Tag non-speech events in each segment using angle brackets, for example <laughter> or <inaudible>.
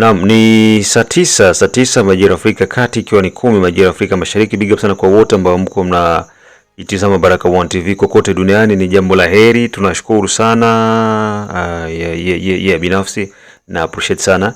Naam, ni saa tisa, saa tisa majira Afrika Kati, ikiwa ni kumi majira Afrika Mashariki. Big up sana kwa wote ambao mko mna itizama Baraka One TV kokote duniani, ni jambo la heri, tunashukuru sana. Uh, yeah, yeah, yeah, yeah. Binafsi na appreciate sana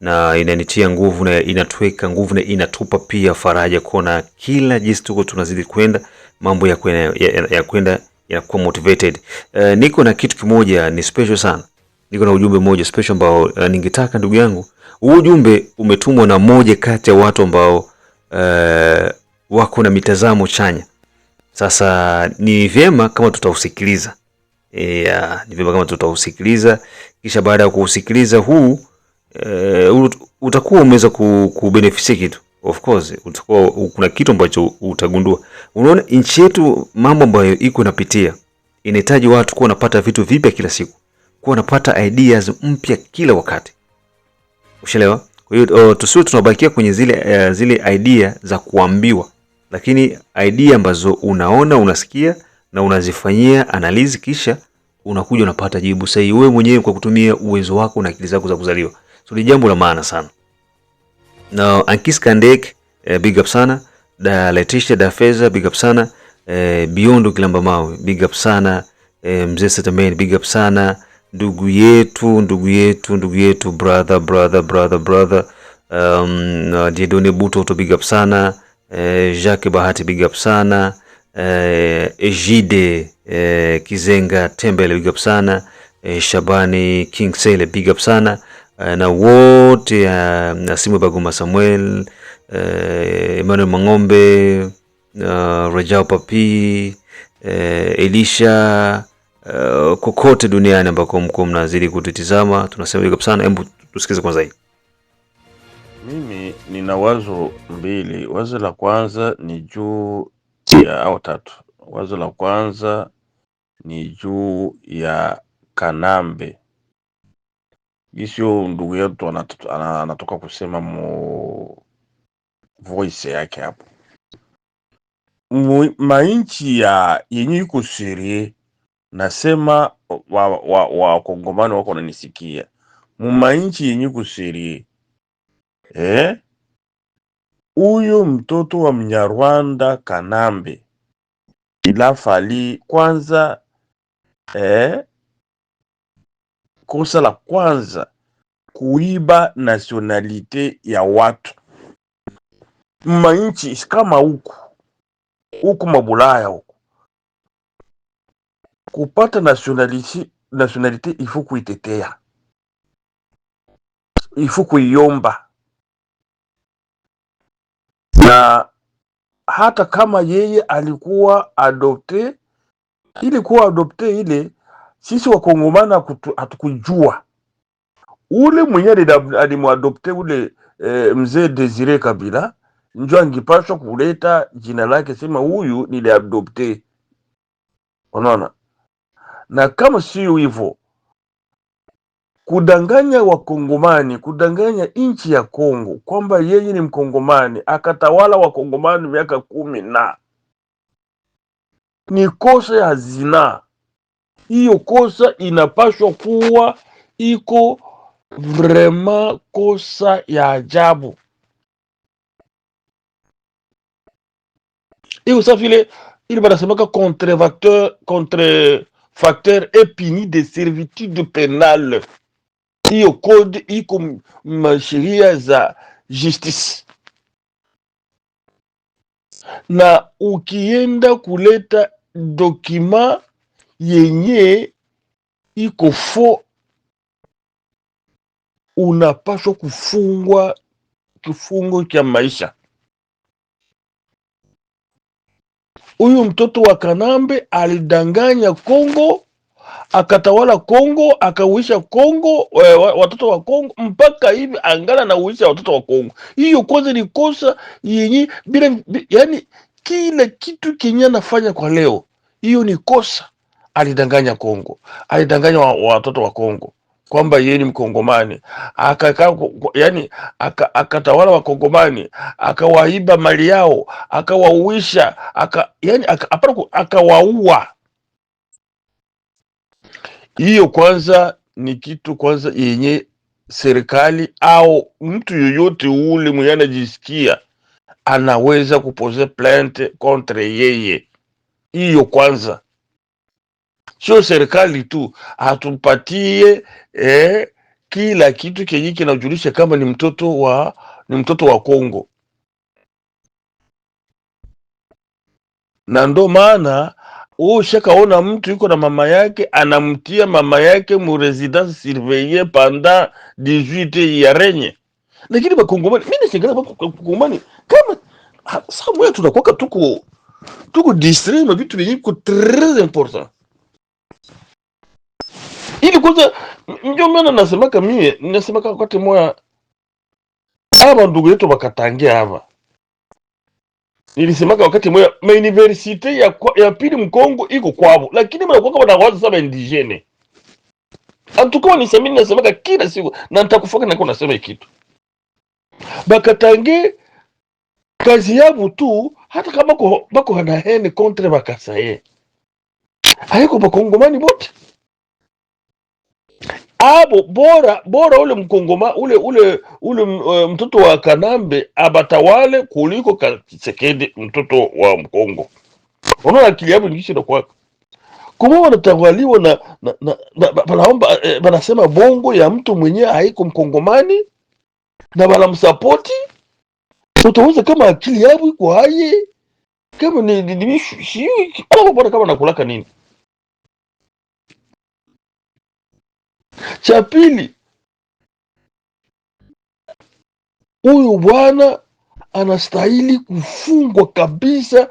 na inanitia nguvu na inatuweka nguvu na inatupa pia faraja kuona kila jinsi tuko tunazidi kwenda, mambo ya kwenda ya, kwenda yanakuwa motivated. Uh, niko na kitu kimoja ni special sana, niko na ujumbe mmoja special ambao uh, ningetaka ndugu yangu uh, huu ujumbe umetumwa na mmoja kati ya watu ambao uh, wako na mitazamo chanya. Sasa ni vyema kama tutausikiliza yeah, ni vyema kama tutausikiliza, kisha baada ya kuusikiliza huu uh, utakuwa umeweza kubenefisia kitu. Of course utakuwa kuna kitu ambacho utagundua. Unaona, nchi yetu mambo ambayo iko inapitia inahitaji watu kuwa wanapata vitu vipya kila siku, kuwa wanapata ideas mpya kila wakati ushelewa. Kwa hiyo oh, tusiwe tunabakia kwenye zile uh, zile idea za kuambiwa, lakini idea ambazo unaona, unasikia na unazifanyia analizi, kisha unakuja unapata jibu sahihi wewe mwenyewe kwa kutumia uwezo wako na akili zako za kuzaliwa. So ni jambo la maana sana. Na Ankis Kandek, eh, big up sana. Da Leticia da Feza, big up sana. Eh, Biondo Kilamba Mawe, big up sana. Eh, Mzee Setamen, big up sana ndugu yetu, ndugu yetu, ndugu yetu, brother, brother, brother, brother. Um, Jedone Buto to big up sana eh, Jacques Bahati big up sana eh, Ejide eh, Kizenga Tembele big up sana eh, Shabani King Sele big up sana eh, na wote eh, Nasimu Baguma Samuel eh, Emmanuel Mang'ombe uh, Rajao Papi eh, Elisha uh, kokote duniani ambako mko mnazidi kututizama, tunasema big up sana. Hebu tusikize kwanza hii. Mimi nina wazo mbili. Wazo la kwanza ni juu ya au tatu. Wazo la kwanza ni juu ya Kanambe gisio ndugu yetu anatoka kusema mu voice yake hapo mainchi ya yenye iko serie nasema wakongomani wa, wa, wako wananisikia mumanchi yenye kuserie huyo eh? Mtoto wa mnyarwanda Kanambe ilafali kwanza eh? Kosa la kwanza kuiba nationalite ya watu manchi kama huku huku mabulaya huku kupata nationality, nationality ifu kuitetea, ifu kuiomba, na hata kama yeye alikuwa adopte, ilikuwa adopte ile, sisi wakongomana hatukujua ule mwenye alimwadopte ule e, mzee Desire Kabila njo angipashwa kuleta jina lake, sema huyu niliadopte. Unaona na kama siyo hivyo, kudanganya Wakongomani, kudanganya nchi ya Kongo kwamba yeye ni Mkongomani akatawala Wakongomani miaka kumi na ni kosa ya zinaa. Hiyo kosa inapashwa kuwa iko vrema kosa ya ajabu. Hiyo safile ili banasemaka contrevacteur contre facteur est puni de servitude penale hiyo code iko sheria za justice, na ukienda kuleta dokima yenye iko fo, unapaswa kufungwa kifungo cha maisha. huyu mtoto wa Kanambe alidanganya Kongo akatawala Kongo akauisha Kongo eh, we, watoto wa Kongo mpaka hivi angala na uisha watoto wa Kongo. Hiyo kwanza ni kosa yenye bila, yani kila kitu kenye anafanya kwa leo, hiyo ni kosa. Alidanganya Kongo, alidanganya watoto wa Kongo kwamba yeye ni Mkongomani, akakaa yani akatawala Wakongomani, akawaiba mali yao, akawauisha aka, yani akawaua. Hiyo kwanza ni kitu kwanza yenye serikali au mtu yoyote ule mwenye anajisikia anaweza kupoze plainte contre yeye. Hiyo kwanza sio serikali tu, hatumpatie eh, kila kitu kenye kinajulisha kama ni mtoto wa ni mtoto wa Kongo, na ndo maana shakaona mtu yuko na mama yake anamtia mama yake mu residence surveillée pendant 18 ya renye. Lakini bakongomani mimi nishangaza bakongomani kama sasa moya tunakwaka tuko tuko distrait na vitu vingi ko tres important ili kwanza, ndio maana nasemaka mie, nasemaka wakati moya aba ndugu yetu wakatangia hapa, nilisemaka wakati moya mauniversite ya, ya pili mkongo iko kwabo, lakini mnakuwaka wanawaza saba indigene antukuwa nisamini, nasemaka kila siku na nitakufaka nako nasema kitu bakatange kazi yabo tu, hata kama bako hanahene kontre bakasaye aiko bakongomani bote abo bora bora ule mkongoma ule ule ule eh, mtoto wa Kanambe abatawale kuliko Tshisekedi mtoto wa Mkongo. Unaona akili yabo ngishi na kwako kuma wanatawaliwa na, na, na, na banaomba eh, banasema bongo ya mtu mwenyewe haiko mkongomani na banamsapoti. Utaweza kama akili yabo iko haye kama ni, ni, ni, shi, shi, kama nakulaka nini Cha pili, huyu bwana anastahili kufungwa kabisa.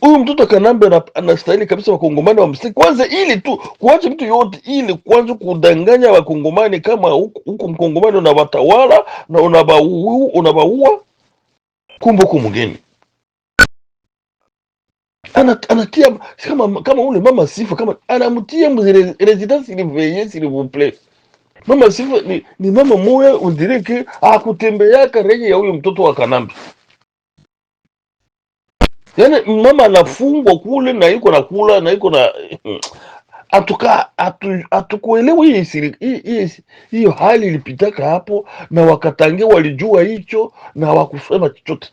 Huyu mtoto Kanambe anastahili kabisa wakongomani wamsiki kwanza, ili tu kuacha mtu yote, ili kwanza kudanganya wakongomani kama huko mkongomani unawatawala na unabaua, kumbe huko mgeni anatia kama, kama ule mama Sifa kama anamtia residence s'il veuille s'il vous plaît. Mama Sifa ni, ni mama moya undireke akutembeaka renye ya ule mtoto wa Kanambi. Yaani mama anafungwa kule na iko na kula na iko na <clears throat> atuka hatukuelewa hiyo hali ilipitaka hapo, na wakatange walijua hicho na wakusema chochote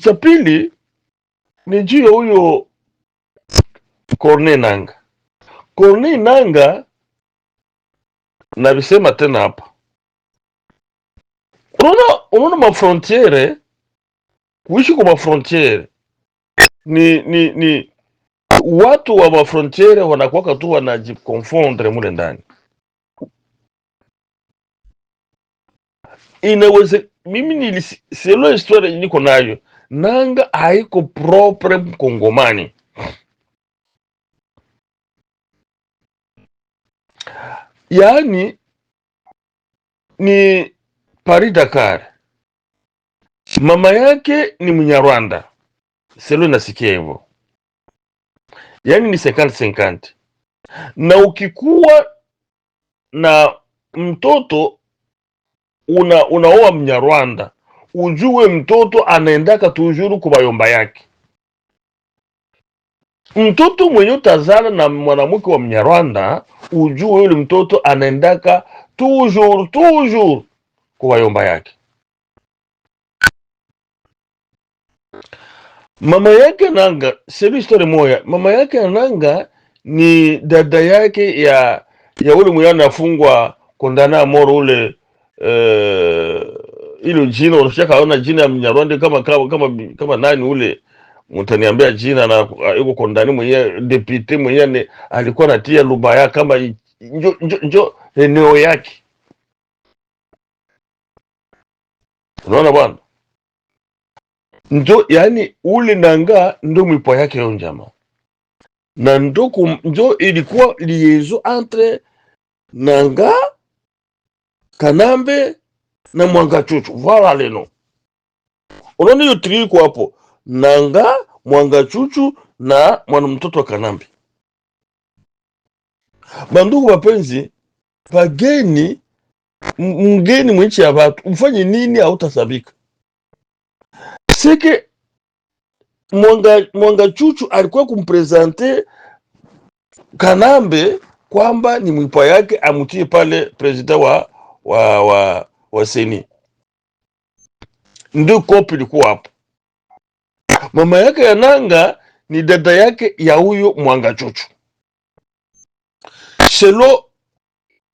Cha pili ni juu ya huyo Corneille Nangaa. Corneille Nangaa navisema tena hapa, unaona mafrontiere, kuishi kwa mafrontiere ni ni ni watu wa mafrontiere wanakwaka tu wanajikonfondre mule ndani inaweze mimi nilisielewa historia niko nayo nanga haiko propre mkongomani yaani ni Paris Dakar, mama yake ni Mnyarwanda, selo nasikia hivyo, yaani ni senkante senkante. Na ukikuwa na mtoto una unaoa Mnyarwanda ujue mtoto anaendaka tujuru kubayomba yake. Mtoto mwenye utazala na mwanamke wa Mnyarwanda ujue yule mtoto anaendaka tujuru tujuru kubayomba yake. Mama yake nanga sebi story moya, mama yake nanga ni dada yake ya ya ule mwenye afungwa kondana moro ule hilo eh, ilo jina unashakaona jina ya mnyarwande kama, kama, kama, kama nani ule mtaniambia jina na ah, yuko kondani mwenyewe depute ne, alikuwa natia Lubaya kama njo, njo, njo eneo yake. Unaona bwana, njo yani ule nanga ndo mwipo yake yo njama na ndo njo ilikuwa liezo entre nanga Kanambe na mwanga chuchu les noms. Unaona hiyo trio iko hapo, Nanga, Mwangachuchu na mwanamtoto wa Kanambe. Bandugu wapenzi, pageni mgeni mwichi ya vatu ufanye nini? Hautasabika sike Mwanga, Mwanga Chuchu alikuwa kumpresente Kanambe kwamba ni mwipa yake amutie pale prezida wa wa, wa wasanii ndio kopi ilikuwa hapo. Mama yake ya Nanga ni dada yake ya huyo Mwanga chochu, selo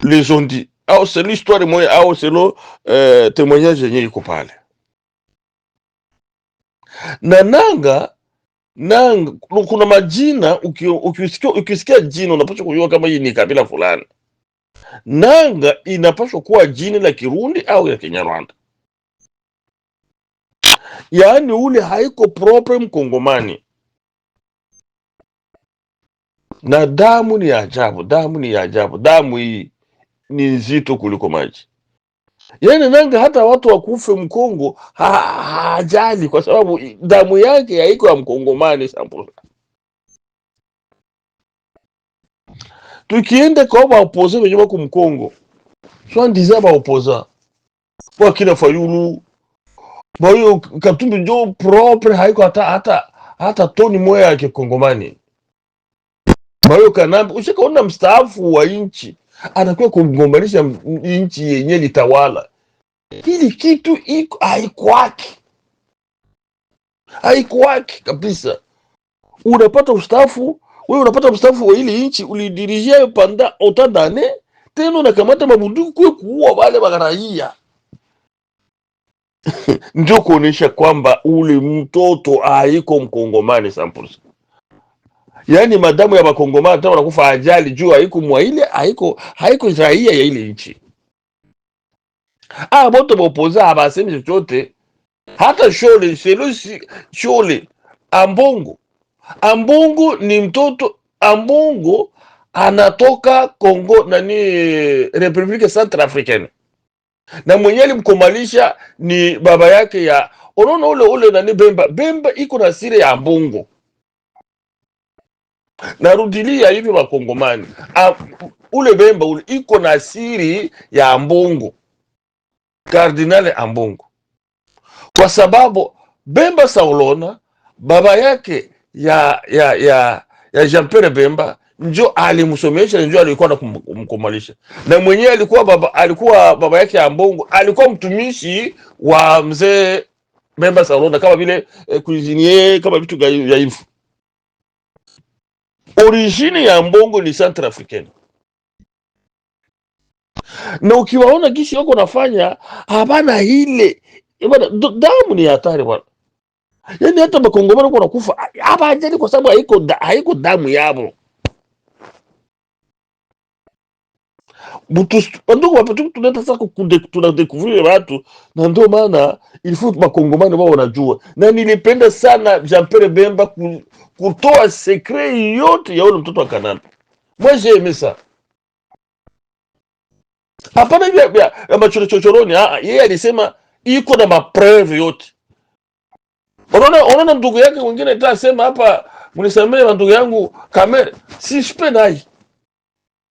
les ont dit au selo histoire moya au selo eh, témoignage yenye iko pale na Nanga Nanga. Kuna majina ukisikia ukisikia jina unapaswa kujua kama hii ni kabila fulani. Nanga inapaswa kuwa jina la Kirundi au ya Kinyarwanda, yaani ule haiko propre Mkongomani. Na damu ni ajabu, damu ni ajabu, damu hii ni nzito kuliko maji. Yaani Nanga hata watu wakufe Mkongo hajali ha, kwa sababu damu yake haiko ya Mkongomani sample tukiende kwa baopoze venye bako mkongo swandiza baopoza kina Fayulu bayo Katumbi njo propre haiko hata, hata, hata toni moya ya kikongomani bayo Kanambe ushakaona mstaafu wa nchi anakuwa kugombanisha nchi yenye litawala. Hili kitu iko haikwaki, haikwaki kabisa. Unapata ustaafu wewe unapata mstaafu wa ile nchi ulidirija panda otandane tena unakamata mabunduki kwe kuua wale raia <laughs> ndio kuonesha kwamba ule mtoto aiko mkongomani samples. Yaani madamu ya makongomani tena wanakufa ajali juu haiko mwa ile haiko haiko raia ya ile nchi. Ah, boto bopoza abasemi chochote hata shole shole shole ambongo Ambungu ni mtoto Ambungu anatoka Kongo nani Republique Centrafricaine, na mwenye alimkomalisha ni baba yake ya unaona, ule ule nani Bemba. Bemba iko na siri ya Ambungu. Narudilia hivi Wakongomani, ule Bemba ule iko na siri ya Ambungu, cardinal Ambungu, kwa sababu Bemba Saulona baba yake ya ya ya, ya Jean Pierre Bemba njo alimsomesha njo alikuwa na kumkomalisha na mwenyewe alikuwa baba, alikuwa baba yake ya Mbongo alikuwa mtumishi wa mzee Bemba Salonda kama vile eh, kuzinie kama vitu vya hivyo. Origine ya Mbongo ni Central African na ukiwaona gisi wako nafanya habana ile bwana, damu ni hatari bwana. Yaani hata makongomano kwa nakufa hapa ajali kwa sababu haiko da, haiko damu yabo. Butu ndugu wapo tu tunataka sasa kukunde tuna découvrir watu na ndio maana ilifu makongomano wao wanajua. Na nilipenda sana Jean Pierre Bemba kutoa secret yote ya yule mtoto wa Kanani. Moi j'ai aimé ça. Hapana ya, ya, ya ah, ah yeye alisema iko na mapreve yote Unaona, unaona ndugu yake mwingine ta sema hapa, mnisamee wa ndugu yangu Kamere, si sipe nai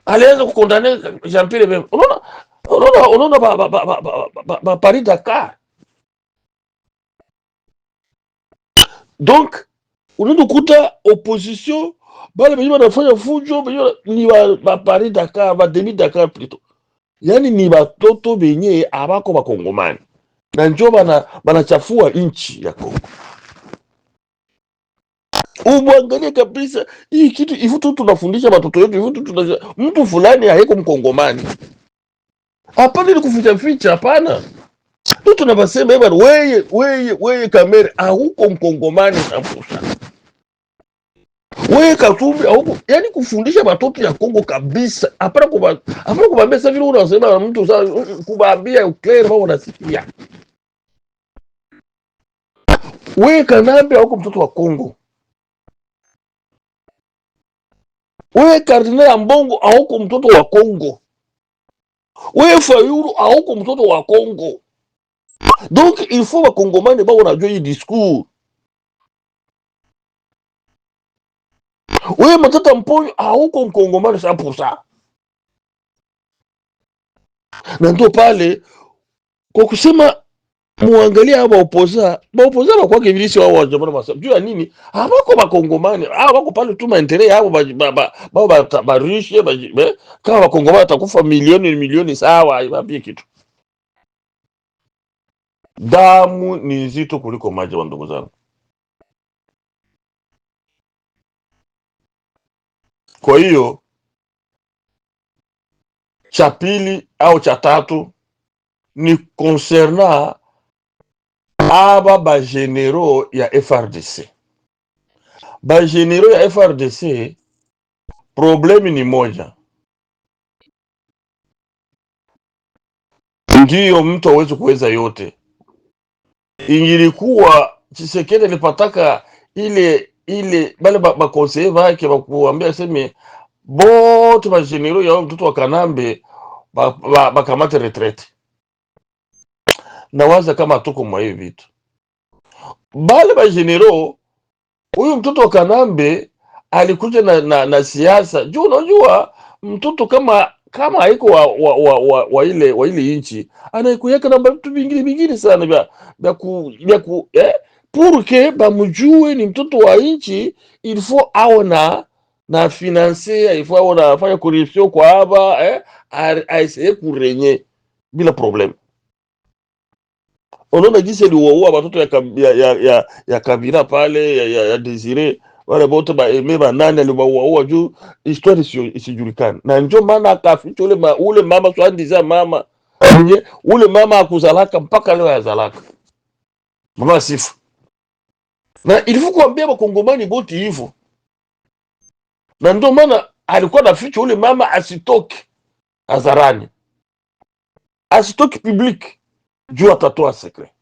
alianza kukondane Jean Pierre Bemba. Unaona, unaona, unaona ba ba ba ba ba, ba, Paris Dakar. Donc unaenda kukuta opposition bale benye banafanya fujo benye ni ba, ba Paris Dakar ba demi Dakar plutôt, yaani ni batoto benye abako bakongomani na njo banachafua bana nchi ya Kongo umwangalie kabisa hii kitu hivi tu tunafundisha watoto wetu hivi tu tunasema mtu fulani haiko mkongomani hapana, ni kuficha ficha, hapana tu tunavasema bwana, weye weye weye kamera hauko mkongomani kabisa, weye Katumbi auko, yani kufundisha watoto ya Kongo kabisa, hapana kuba hapana kubambia sasa vile unasema mtu sasa kubambia ukleri wao unasikia wewe Kanambe auko mtoto wa Kongo Wewe Kardinali Ambongo hauko mtoto wa Kongo, wewe Fayulu hauko mtoto wa Kongo. Donc il faut bakongomani bao najua hii discours. Wewe Matata Mponyo hauko mkongomani sa pusa, na ndio pale kwa kusema muangalie hao baopoza baopoza bakwake vilisi wao wajabana masabu juu ya nini habako bakongomani hao bako pale tu maendeleo yao ba ba ba barishe ba, ba, kama bakongomani atakufa milioni milioni, sawa haibabie kitu. Damu ni nzito kuliko maji, wa ndugu zangu. Kwa hiyo cha pili au cha tatu ni konserna aba bagenero ya FRDC. Bagenero ya FRDC problemi ni moja, ndiyo mtu awezi kuweza yote. Ingilikuwa Chisekedi alipataka ile ile bale bakonseye ba vake bakuambia seme bote bagenero ya mtoto wa Kanambe bakamate ba, ba retraite nawaza kama tuko mwa hivi vitu bale bajenero. Huyu mtoto wa Kanambe alikuja na, na, na siasa juu, unajua mtoto kama kama haiko wa, wa, wa, wa, wa ile, wa ile nchi anaikuweka namba vitu vingine vingine sana vya vya ku, vya ku eh, purke bamujue ni mtoto wa nchi, ilifo awe na na finanse, ilifo awe nafanya korupsio kwa hapa eh, aisee kurenye bila problemu Unaona jinsi aliwaua watoto ya, ya, ya, ya, ya Kabila pale ya, ya, ya Desire wale bote ba eme ba nani aliwaua juu histori isijulikane, na njo maana akaficha ule, ma, ule mama swandiza mama nye, ule mama akuzalaka mpaka leo yazalaka mama sifu na ilifu kuambia bakongomani boti hivo na ndio maana alikuwa naficha ule mama asitoke hadharani asitoke public juu atatoa sekre.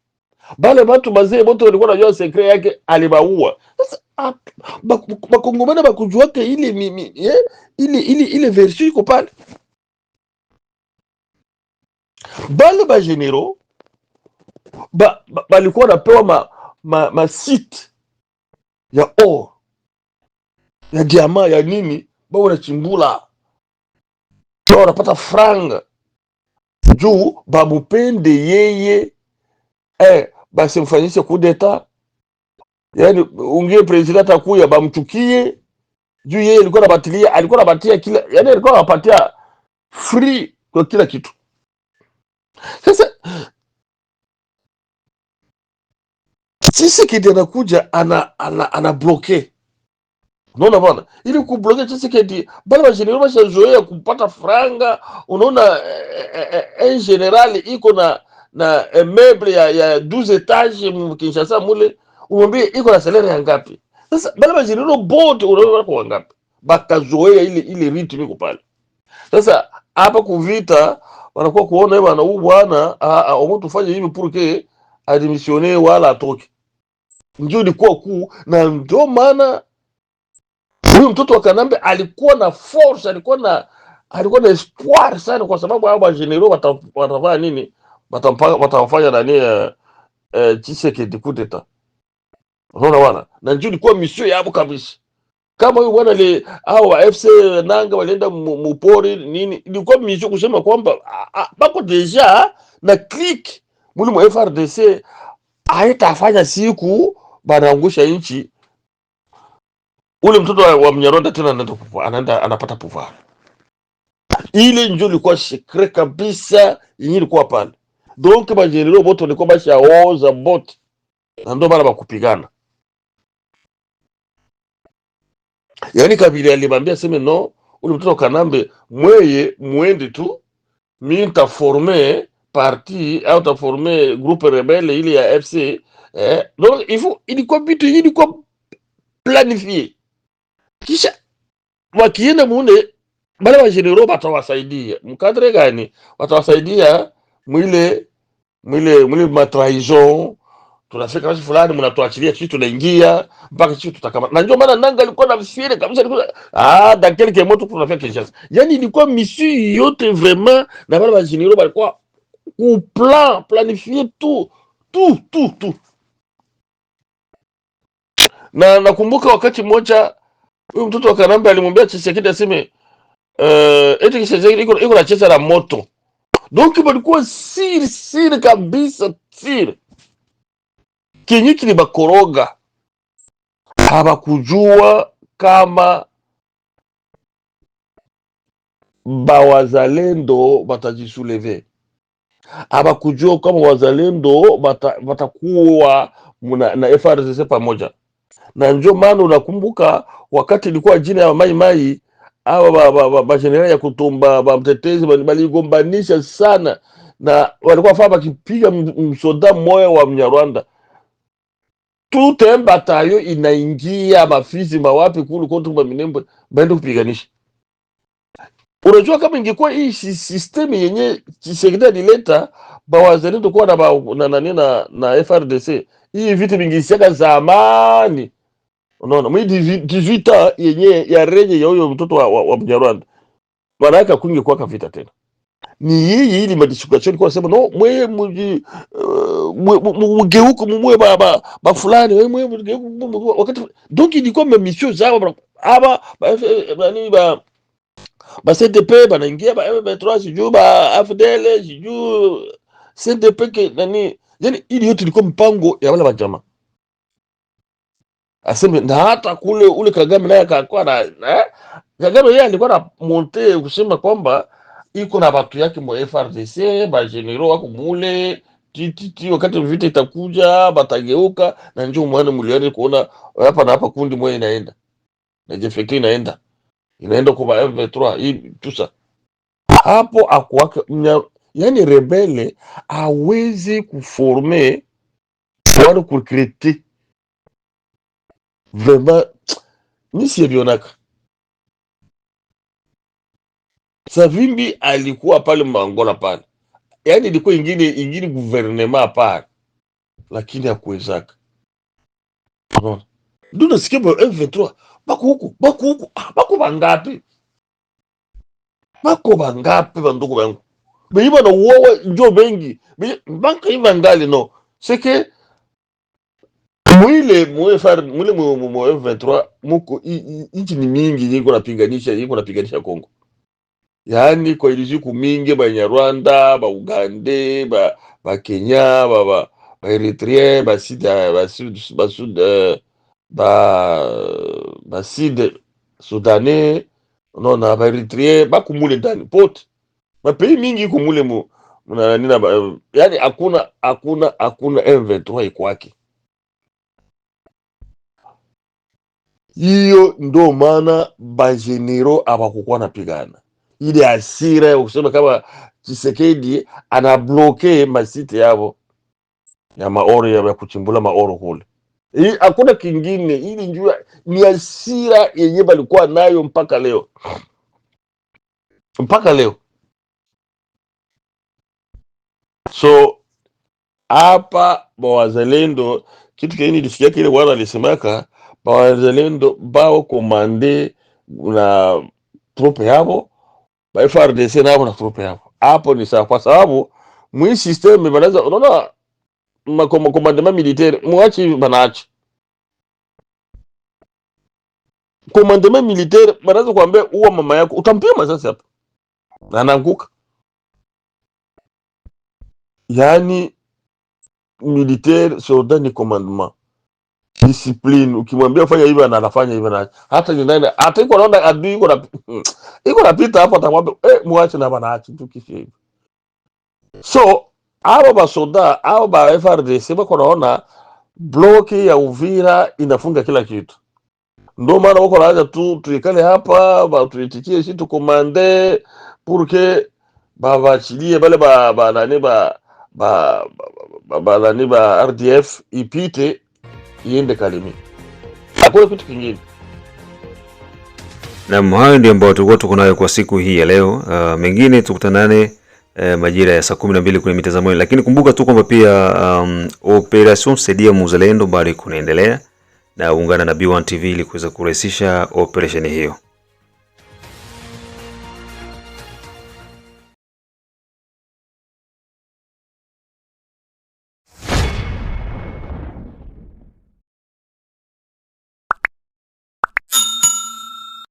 Bale batu bazee bote walikuwa najua sekre yake alibaua. Sasa ah, bakongomana bakujuake ile mimi eh, ile ile ile version iko pale. Bale ba general ba balikuwa napewa ma ma, ma site ya or ya diama ya nini, bao na chimbula, bao wanapata franga juu bamupende yeye eh, mfanyishe kudeta. Yani ungie president atakuya bamchukie juu yeye alikuwa anabatilia, alikuwa anabatia kila, yani alikuwa anapatia free kwa kila kitu. Sasa kidi anakuja ana ana, ana bloke Unaona bwana, ili kubloga Tshisekedi bale bajenerali bashazoea kupata franga. Unaona eh, eh, eh, en general iko na na meble ya, ya 12 etage Kinshasa mule, umwambie iko na salaire ya ngapi? Sasa bale bajenerali bote unaona wako wangapi? Bakazoea ile ile ritmi iko pale. Sasa hapa kuvita wanakuwa kuona bwana, huyu bwana ah, ah, omo fanye hivi pour que adimissione wala atoke, ndio kwa kuu, na ndio maana Huyu mtoto wa Kanambe alikuwa na force, alikuwa na alikuwa na espoir sana, kwa sababu hao majenero watafanya nini? Watafanya nani? Eh, eh, Tshisekedi kudeta. Unaona bwana, na njoo ilikuwa misio yao kabisa. Kama huyu bwana ile hao wa FC Nanga walienda mupori nini, ilikuwa misio kusema kwamba bako deja na click mulimu FRDC aitafanya siku banaangusha nchi ule mtoto wa, wa Mnyaronda tena anaenda anaenda anapata puva. Ile njo ilikuwa shekre kabisa yenye ilikuwa pale, donc bajelelo bote walikuwa bashaoza bote, na ndo bana bakupigana. Yani Kabila alimwambia seme no, ule mtoto Kanambe mweye muende tu, mi nitaforme parti au taforme groupe rebelle ile ya FC eh, donc il faut, ilikuwa bitu yenye ilikuwa planifie kisha wakienda mune bale wajenero batawasaidia mkadre gani, watawasaidia mwile mwile mwile matrahison tunafika basi fulani, mnatuachilia chitu, tunaingia mpaka chitu tutakama Na ndio maana nanga alikuwa na msiri kabisa, alikuwa ah dans quelque moto tunafika Kinshasa. Yani ilikuwa misi yote vraiment, na wale wajenero walikuwa ku plan planifier tout tout tout tout, na nakumbuka wakati mmoja Huyu mtoto wa Karambe alimwambia Chisekedi aseme uh, eti Chisekedi iko iko na la moto. Donc balikuwa siri siri kabisa siri. kinyi ni bakoroga. Habakujua kama bawazalendo batajisuleve. Habakujua kama wazalendo batakuwa bata na FRDC pamoja na ndio maana unakumbuka wakati ilikuwa jina ya Mai Mai awa ba, ya kutumba ba mtetezi baligombanisha sana na walikuwa faa bakipiga msoda moya wa mnyarwanda tute tayo inaingia mafizi mawapi kulu kote kwa minembo baende kupiganisha. Unajua, kama ingekuwa hii sistemi yenye dileta ba wazalendo kuwa na na, na, na, na FRDC hii vitu vingisiaka zamani Unaona, mimi divita yenye ya reje ya huyo mtoto wa, wa, wa Mnyarwanda maana yake kwa kavita tena ni yeye, ili madishukacho kwa sema no mwe mji mgeuko mwe baba ba fulani wewe mwe mgeuko wakati donc ilikuwa memission zao aba eh, eh, nani ba ba CDP banaingia ba M23 eh, sijuu ba AFDL sijuu CDP ke nani, yani ili yote ilikuwa mpango ya wale wa jamaa aseme na hata kule ule Kagame naye akakuwa na eh? Kagame yeye alikuwa na monte kusema kwamba iko na watu yake mwa FRDC ba general wako mule tititi, wakati vita itakuja batageuka, na njoo mwana mliani kuona hapa na hapa kundi moja inaenda na jefeki inaenda inaenda kwa m 23 hii tusa hapo akuwake yani rebele awezi kuforme wale kukriti vraiment, mimi sielionaka. Savimbi alikuwa pale Mangola pale, yaani ilikuwa ingine ingine guvernema pale, lakini hakuwezaka. Ndio nasikia ba M23 bako huku bako huku ah, bako bangapi bako bangapi bandugu bangu beiba na uowe njo bengi banka ivangali no seke mwile mwefar mwile mwe M23 muko inchi ni mingi yiko napiganisha yiko napiganisha Kongo, yaani kwa ilizi kumingi Banyarwanda Baugande ba Bakenya ba ba Baeritrien basud basud basud euh, Sudanais no na Baeritrien bakumule ndani pote mapei mingi ikumule mu nani na euh, yaani hakuna hakuna hakuna M23 iko wake Hiyo ndo maana bajenero abakukuwa napigana ile asira ya kusema kama Chisekedi anabloke masite yavo ya maoro ya kuchimbula maoro kule, hakuna kingine. Ili njua ni asira yenye balikuwa nayo mpaka leo, mpaka leo. So hapa mawazalendo, kitu kingine ilifikia kile bwana alisemaka ba bao komande na trupe yavo ba FRDC navo na trupe yabo Hapo ni sawa, kwa sababu mwi system banaweza, unaona ma militaire mwachi komande ma militaire banaweza kuambia uwa mama yako utampia masasi hapo na nanguka. Yani militaire soldat ni commandement discipline. Ukimwambia fanya hivyo na anafanya hivyo, na hata nyumbani, hata iko naona adui iko na <tsk> iko napita hapo, atamwambia eh, muache na bana, achi tu kisha hivyo. So hao basoda hapo ba FRDC kwa naona bloki ya Uvira inafunga kila kitu, ndio maana wako naanza tu tuikale hapa ba tuitikie shi tukomande purke vachilie bale ba ba nani ba ba ba ba, ba RDF ipite iende Kalemie, hakuna kitu kingine. Na hayo ndio ambayo tulikuwa tuko nayo kwa siku hii ya leo. Uh, mengine tukutanane uh, majira ya saa kumi na mbili kwenye mitazamo, lakini kumbuka tu kwamba pia um, Operation Saidia Muzalendo bado kunaendelea na ungana na B1 TV ili kuweza kurahisisha operation hiyo.